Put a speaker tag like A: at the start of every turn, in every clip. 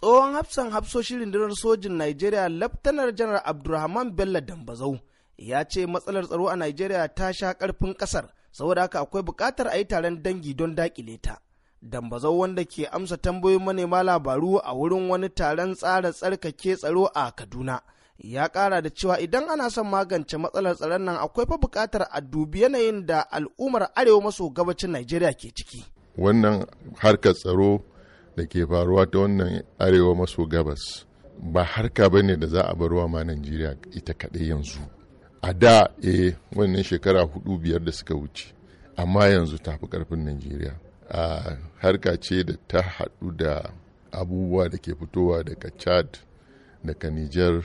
A: tsohon hafsan hafsoshin rundunar sojin Najeriya Laftanar Janar Abdulrahman Bello Dambazau ya ce matsalar tsaro a Najeriya ta sha karfin ƙasar saboda haka akwai bukatar a yi taron dangi don dakile ta. Dambazau wanda ke amsa tambayoyin manema labaru a wurin wani taron tsara tsarkake tsaro a Kaduna. Ya ƙara da cewa idan ana son magance matsalar tsaron nan akwai fa bukatar a dubi yanayin da al'ummar arewa maso gabacin Najeriya ke ciki.
B: Wannan harkar tsaro da ke faruwa ta wannan arewa maso gabas ba harka ba ne da za a barwa ma Najeriya ita kaɗai yanzu. A da e wannan shekara hudu biyar da suka wuce, amma yanzu ta fi ƙarfin Najeriya. A harka ce da ta haɗu da abubuwa da ke fitowa daga Chad, daga Niger,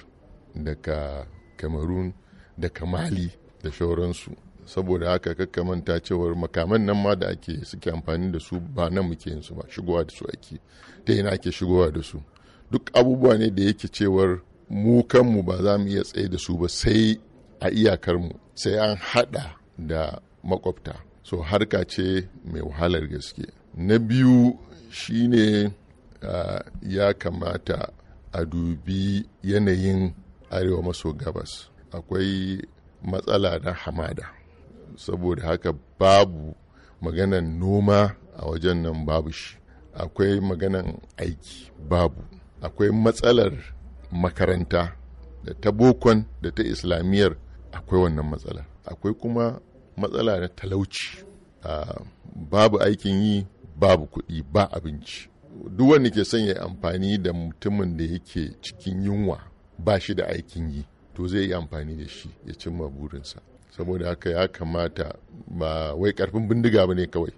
B: daga Cameroon, daga Mali da shauransu. saboda haka kakka manta cewar makaman nan ma da ake suke amfani da su ba nan muke yin su ba shigowa da su ake ta ina ake shigowa da su duk abubuwa ne da yake cewar mu kanmu ba za mu iya tsaye da su ba sai a iyakar mu sai an hada da makwabta so harka ce mai wahalar gaske na biyu shi ne ya kamata a dubi yanayin arewa maso gabas akwai matsala na hamada saboda haka babu maganan noma a wajen nan babu shi akwai maganan aiki babu akwai matsalar makaranta da ta bokon da ta Islamiyar. akwai wannan matsala. akwai kuma matsala na talauci babu aikin yi babu kuɗi ba abinci duk wanda ke son ya amfani da mutumin da yake cikin yunwa ba shi da aikin yi to zai yi amfani da shi ya cimma burinsa saboda haka ya kamata ba wai karfin bindiga ba ne kawai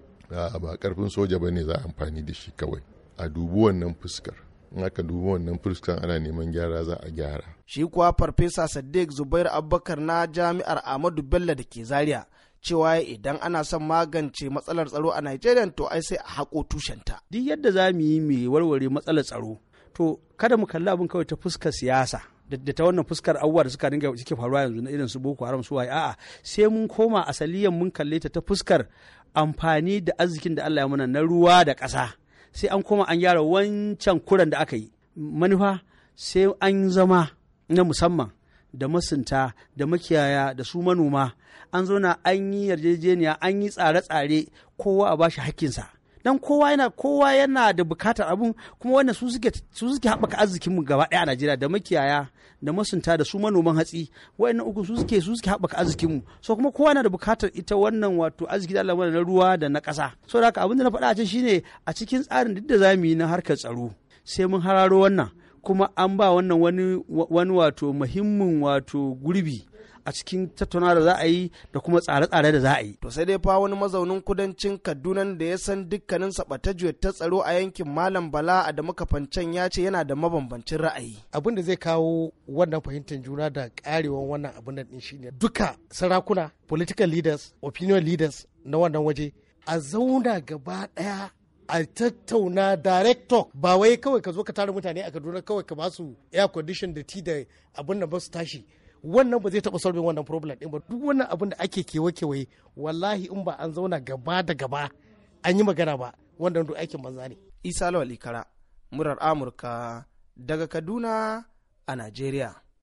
B: ba karfin soja ba ne za a amfani da shi kawai a dubi wannan fuskar in aka dubi wannan fuskar ana neman gyara za a gyara
A: shi kuwa farfesa sadiq zubair abubakar na jami'ar ahmadu bello da ke zaria cewa idan ana son magance matsalar
C: tsaro a nigeria to ai sai a haƙo tushenta. Duk yadda za mu yi mai warware matsalar tsaro to kada mu kalli abin kawai ta fuskar siyasa da ta wannan fuskar abubuwa da suka dinga suke faruwa yanzu na irin su boko haram su waye a'a sai mun koma asaliyan mun kalle ta ta fuskar amfani da arzikin da Allah ya muna na ruwa da ƙasa sai an koma an gyara wancan kuran da aka yi manufa sai an zama na musamman da masunta da makiyaya da su manoma an zauna an yi yarjejeniya an yi tsare-tsare kowa a bashi hakkinsa dan kowa yana kowa yana da bukatar abun kuma wannan su suke su suke haɓaka arzikin mu gaba ɗaya a Najeriya da makiyaya da masunta da su manoman hatsi wayannan uku su suke su suke haɓaka arzikin mu so kuma kowa yana da bukatar ita wannan wato arziki da Allah na ruwa da na ƙasa so da haka abin da na faɗa a can shine a cikin tsarin duk da zamu yi na harkar tsaro sai mun hararo wannan kuma an ba wannan wani wani wato muhimmin wato gurbi a cikin tattauna da za a yi da kuma tsare-tsare da za a yi. To
A: sai dai fa wani mazaunin kudancin Kaduna da ya san dukkanin sabatajiyar ta tsaro a yankin Malam Bala a da makafancen ya ce yana da mabambancin ra'ayi. Abin da zai kawo wannan fahimtar juna da karewan wannan abin nan din shine duka sarakuna, political leaders, opinion leaders na wannan waje a zauna gaba daya a tattauna direct talk ba wai kawai ka zo ka tara mutane a kaduna kawai ka basu air condition da ti da abin da ba su tashi wannan ba zai taɓa solving wannan problem ɗin ba duk wannan abin da ake kewa kewaye wallahi in ba an zauna gaba da gaba an yi magana ba wannan duk aikin banza ne. isa lawal ikara murar amurka daga kaduna a najeriya.